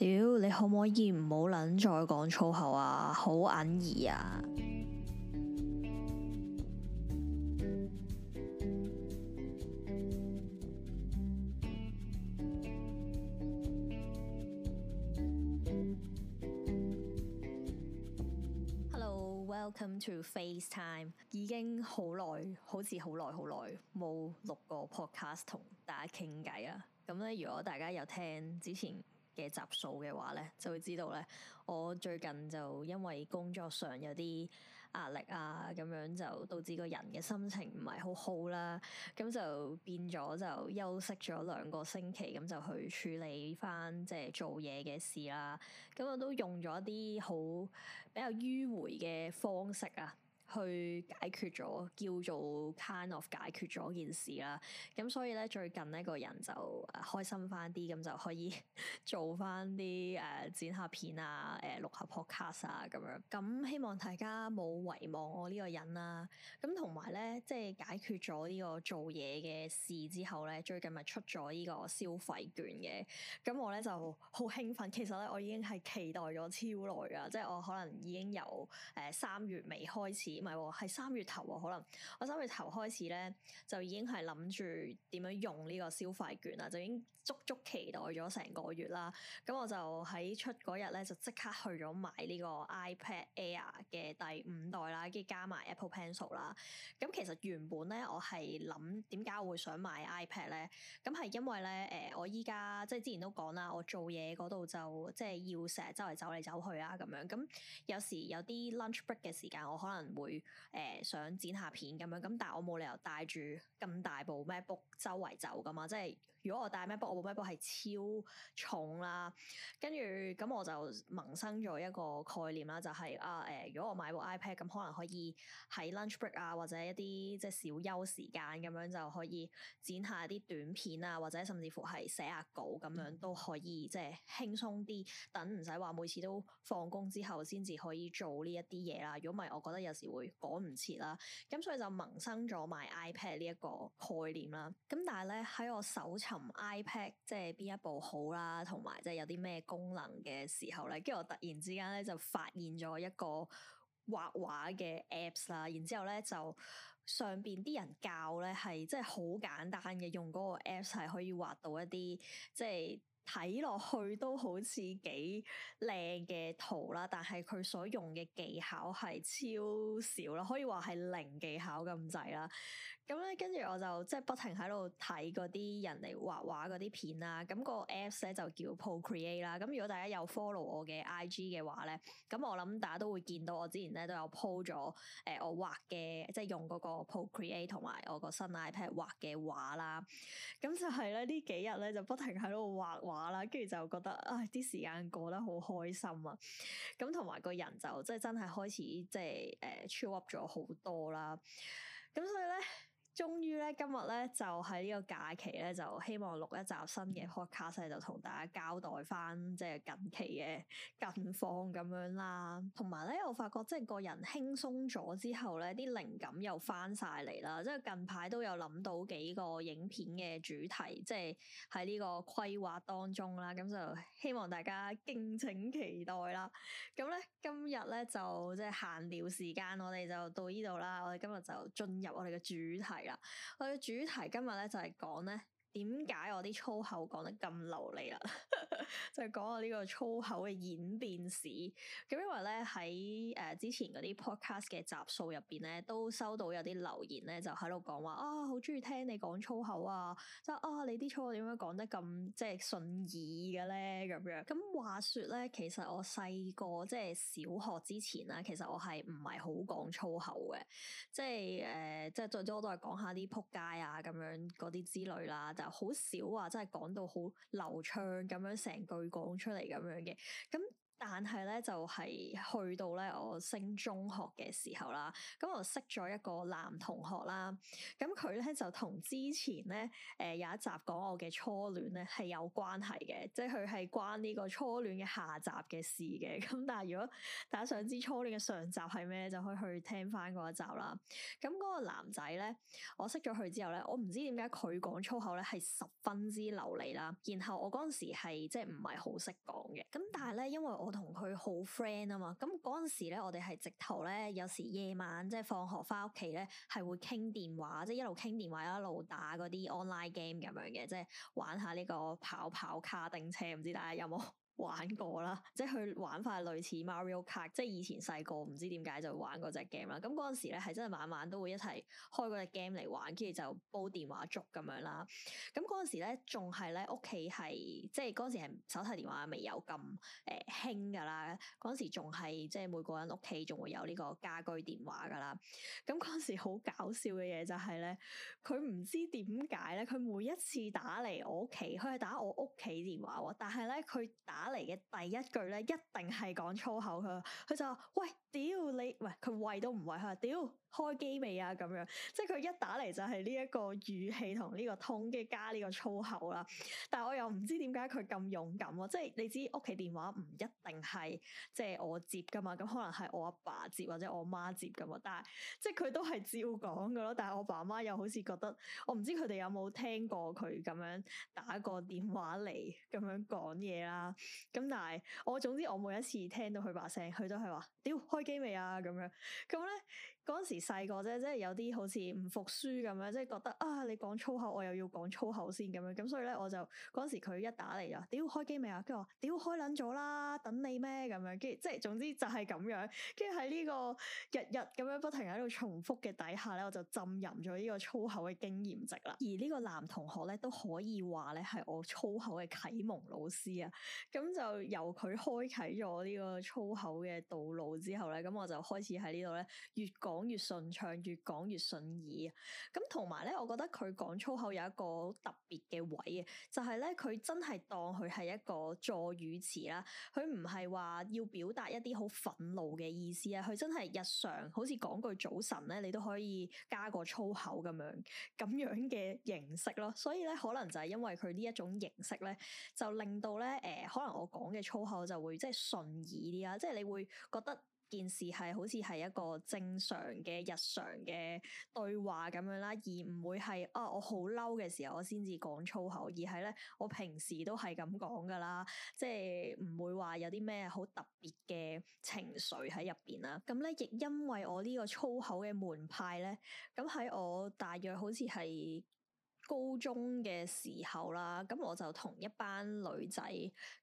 屌，你可唔可以唔好撚再講粗口啊？好隱義啊！Hello，welcome to FaceTime。已經好耐，好似好耐好耐冇錄過 podcast 同大家傾偈啦。咁咧，如果大家有聽之前，嘅集數嘅話咧，就會知道咧，我最近就因為工作上有啲壓力啊，咁樣就導致個人嘅心情唔係好好啦，咁就變咗就休息咗兩個星期，咁就去處理翻即係做嘢嘅事啦。咁我都用咗一啲好比較迂迴嘅方式啊。去解決咗叫做 kind of 解決咗件事啦，咁所以咧，最近呢個人就、啊、開心翻啲，咁就可以 做翻啲誒剪下片啊，誒、呃、錄下 podcast 啊咁樣。咁希望大家冇遺忘我呢個人啦、啊。咁同埋咧，即係解決咗呢個做嘢嘅事之後咧，最近咪出咗呢個消費券嘅。咁我咧就好興奮，其實咧我已經係期待咗超耐啊！即係我可能已經由誒、呃、三月尾開始。唔係，係三月頭、喔、可能我三月頭開始咧，就已經係諗住點樣用呢個消費券啦，就已經足足期待咗成個月啦。咁我就喺出嗰日咧，就即刻去咗買呢個 iPad Air 嘅第五代啦，跟住加埋 Apple Pencil 啦。咁其實原本咧，我係諗點解我會想買 iPad 咧？咁係因為咧，誒、呃、我依家即係之前都講啦，我做嘢度就即係要成日周圍走嚟走去啊，咁樣咁有時有啲 lunch break 嘅時間我可能會。誒、呃、想剪下片咁樣，咁但係我冇理由帶住咁大部 MacBook 周圍走噶嘛，即係如果我帶 MacBook，我部 MacBook 係超重啦。跟住咁我就萌生咗一個概念啦，就係、是、啊誒、呃、如果我買部 iPad，咁可能可以喺 lunch break 啊，或者一啲即係小休時間咁樣就可以剪下啲短片啊，或者甚至乎係寫下稿咁樣都可以，即係輕鬆啲，等唔使話每次都放工之後先至可以做呢一啲嘢啦。如果唔係我覺得有時會。趕唔切啦，咁所以就萌生咗買 iPad 呢一個概念啦。咁但係咧，喺我搜尋 iPad 即係邊一部好啦，同埋即係有啲咩功能嘅時候咧，跟住我突然之間咧就發現咗一個畫畫嘅 apps 啦。然之後咧就上邊啲人教咧係即係好簡單嘅，用嗰個 apps 係可以畫到一啲即係。睇落去都好似幾靚嘅圖啦，但係佢所用嘅技巧係超少啦，可以話係零技巧咁滯啦。咁咧跟住我就即係不停喺度睇啲人嚟畫畫啲片啦。咁個 Apps 咧就叫 Procreate 啦。咁如果大家有 follow 我嘅 IG 嘅話咧，咁我諗大家都會見到我之前咧都有 po 咗誒我畫嘅，即係用個 Procreate 同埋我個新 iPad 畫嘅畫啦。咁就係咧呢幾日咧就不停喺度畫畫。跟住就覺得，唉、哎，啲時間過得好開心啊！咁同埋個人就即係真係開始即係誒 chill up 咗好多啦，咁所以咧。終於咧，今日咧就喺呢個假期咧，就希望錄一集新嘅 podcast 就同大家交代翻即係近期嘅近況咁樣啦。同埋咧，我發覺即係個人輕鬆咗之後咧，啲靈感又翻晒嚟啦。即係近排都有諗到幾個影片嘅主題，即係喺呢個規劃當中啦。咁就希望大家敬請期待啦。咁咧今日咧就即係閒聊時間，我哋就到呢度啦。我哋今日就進入我哋嘅主題。我哋主題今日咧就係講咧。點解我啲粗口講得咁流利啊？ 就講我呢個粗口嘅演變史。咁因為咧喺誒之前嗰啲 podcast 嘅集數入邊咧，都收到有啲留言咧，就喺度講話啊，好中意聽你講粗口啊！即係啊，你啲粗口點解講得咁即係順耳嘅咧？咁樣咁話說咧，其實我細個即係小學之前啦，其實我係唔係好講粗口嘅，即係誒、呃，即係最多都係講下啲撲街啊，咁樣嗰啲之類啦。就好少話真係講到好流暢咁樣，成句講出嚟咁樣嘅，咁。但係咧，就係去到咧我升中學嘅時候啦，咁我識咗一個男同學啦，咁佢咧就同之前咧，誒有一集講我嘅初戀咧係有關係嘅，即係佢係關呢個初戀嘅下集嘅事嘅。咁但係如果大家想知初戀嘅上集係咩，就可以去聽翻嗰一集啦。咁嗰個男仔咧，我識咗佢之後咧，我唔知點解佢講粗口咧係十分之流利啦。然後我嗰陣時係即係唔係好識講嘅。咁但係咧，因為我我同佢好 friend 啊嘛，咁嗰陣時咧，我哋係直頭咧，有時夜晚即係放學翻屋企咧，係會傾電話，即係一路傾電話一路打嗰啲 online game 咁樣嘅，即係玩下呢個跑跑卡丁車，唔知大家有冇？ 玩過啦，即係佢玩法類似 Mario Kart，即係以前細個唔知點解就玩嗰隻 game 啦。咁嗰陣時咧，係真係晚晚都會一齊開嗰隻 game 嚟玩，跟住就煲電話粥咁樣啦。咁嗰陣時咧，仲係咧屋企係即係嗰陣時係手提電話未有咁誒興㗎啦。嗰陣時仲係即係每個人屋企仲會有呢個家居電話㗎啦。咁嗰陣時好搞笑嘅嘢就係咧，佢唔知點解咧，佢每一次打嚟我屋企，佢係打我屋企電話喎，但係咧佢打嚟嘅第一句咧，一定係講粗口佢，佢就話：喂，屌你！喂，佢喂都唔喂，佢話屌，開機未啊？咁樣，即係佢一打嚟就係呢一個語氣同呢個通嘅，加呢個粗口啦。但係我又唔知點解佢咁勇敢喎。即係你知屋企電話唔一定係即係我接噶嘛，咁可能係我阿爸接或者我媽接噶嘛。但係即係佢都係照講噶咯。但係我爸阿媽又好似覺得我唔知佢哋有冇聽過佢咁樣打個電話嚟，咁樣講嘢啦。咁但係我總之我每一次聽到佢把聲，佢都係話：屌，開機未啊？咁樣咁咧。嗰時細個啫，即係有啲好似唔服輸咁樣，即係覺得啊，你講粗口，我又要講粗口先咁樣，咁所以咧，我就嗰時佢一打嚟就屌開機未啊？跟住話屌開撚咗啦，等你咩？咁樣，跟住即係總之就係咁樣，跟住喺呢個日日咁樣不停喺度重複嘅底下咧，我就浸淫咗呢個粗口嘅經驗值啦。而呢個男同學咧都可以話咧係我粗口嘅啟蒙老師啊。咁就由佢開啟咗呢個粗口嘅道路之後咧，咁我就開始喺呢度咧越講。講越順暢，越講越順耳啊！咁同埋咧，我覺得佢講粗口有一個特別嘅位啊，就係咧，佢真係當佢係一個助語詞啦，佢唔係話要表達一啲好憤怒嘅意思啊，佢真係日常好似講句早晨咧，你都可以加個粗口咁樣咁樣嘅形式咯。所以咧，可能就係因為佢呢一種形式咧，就令到咧誒、呃，可能我講嘅粗口就會即係順耳啲啦，即係你會覺得。件事係好似係一個正常嘅日常嘅對話咁樣啦，而唔會係啊我好嬲嘅時候我先至講粗口，而係呢，我平時都係咁講噶啦，即係唔會話有啲咩好特別嘅情緒喺入邊啦。咁呢，亦因為我呢個粗口嘅門派呢，咁喺我大約好似係，高中嘅時候啦，咁我就同一班女仔，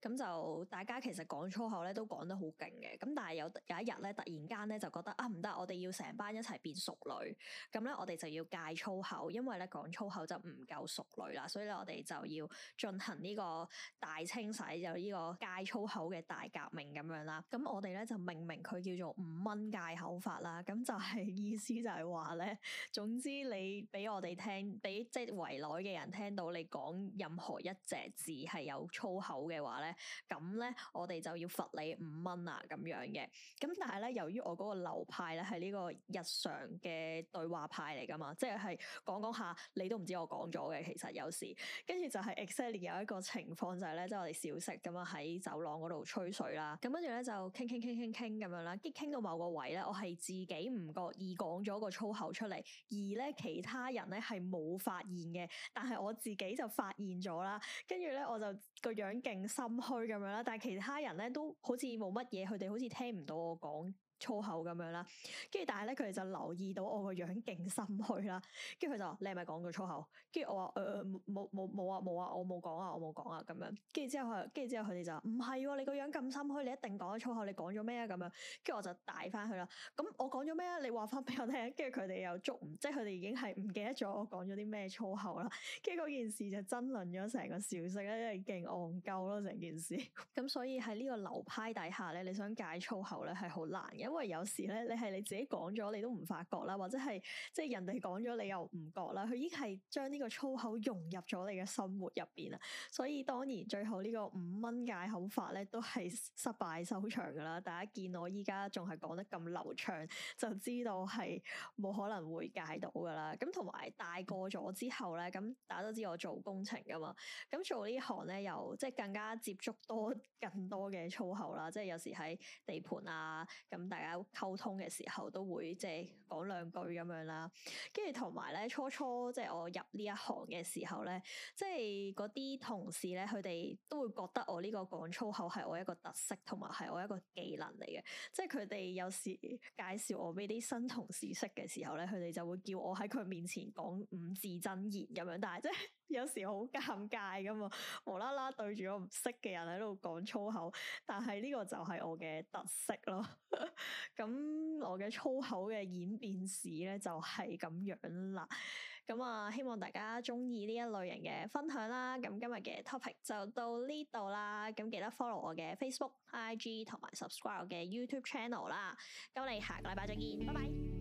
咁就大家其實講粗口咧都講得好勁嘅，咁但係有有一日咧，突然間咧就覺得啊唔得，我哋要成班一齊變淑女，咁咧我哋就要戒粗口，因為咧講粗口就唔夠淑女啦，所以咧我哋就要進行呢個大清洗，就、這、呢個戒粗口嘅大革命咁樣啦。咁我哋咧就命名佢叫做五蚊戒口法啦，咁就係意思就係話咧，總之你俾我哋聽，俾即係圍，來嘅人聽到你講任何一隻字係有粗口嘅話咧，咁咧我哋就要罰你五蚊啊咁樣嘅。咁但係咧，由於我嗰個流派咧係呢個日常嘅對話派嚟噶嘛，即係講講下你都唔知我講咗嘅。其實有時，跟住就係 exactly 有一個情況就係咧，即係我哋小息咁啊喺走廊嗰度吹水啦。咁跟住咧就傾傾傾傾傾咁樣啦，傾到某個位咧，我係自己唔覺意講咗個粗口出嚟，而咧其他人咧係冇發現嘅。但係我自己就發現咗啦，跟住咧我就個樣勁心虛咁樣啦，但係其他人咧都好似冇乜嘢，佢哋好似聽唔到我講粗口咁樣啦，跟住但係咧，佢哋就留意到我個樣勁心虛啦，跟住佢就話：你係咪講咗粗口？跟住、呃、我話：誒冇冇冇啊冇啊，我冇講啊我冇講啊咁樣。跟住之後佢，跟住之後佢哋就話：唔係，你個樣咁心虛，你一定講咗粗口。你講咗咩啊？咁樣。跟住我就帶翻佢啦。咁我講咗咩啊？你話翻俾我聽。跟住佢哋又捉唔，即係佢哋已經係唔記得咗我講咗啲咩粗口啦。跟住嗰件事就爭論咗成個小息咧，因為勁戇鳩咯成件事。咁 所以喺呢個流派底下咧，你想戒粗口咧係好難嘅。因為有時咧，你係你自己講咗，你都唔發覺啦，或者係即係人哋講咗，你又唔覺啦。佢已經係將呢個粗口融入咗你嘅生活入邊啦。所以當然最後呢個五蚊戒口法咧，都係失敗收場噶啦。大家見我依家仲係講得咁流暢，就知道係冇可能會戒到噶啦。咁同埋大個咗之後咧，咁大家都知我做工程噶嘛，咁做呢行咧又即係更加接觸多更多嘅粗口啦。即係有時喺地盤啊，咁。大家溝通嘅時候都會即係講兩句咁樣啦，跟住同埋咧，初初即係我入呢一行嘅時候咧，即係嗰啲同事咧，佢哋都會覺得我呢個講粗口係我一個特色，同埋係我一個技能嚟嘅。即係佢哋有時介紹我俾啲新同事識嘅時候咧，佢哋就會叫我喺佢面前講五字真言咁樣，但係即係有時好尷尬咁啊，無啦啦對住我唔識嘅人喺度講粗口，但係呢個就係我嘅特色咯。咁 我嘅粗口嘅演變史咧就係、是、咁樣啦。咁啊，希望大家中意呢一類型嘅分享啦。咁今日嘅 topic 就到呢度啦。咁記得 follow 我嘅 Facebook、IG 同埋 subscribe 我嘅 YouTube channel 啦。咁我哋下個禮拜再見，拜拜。 bye bye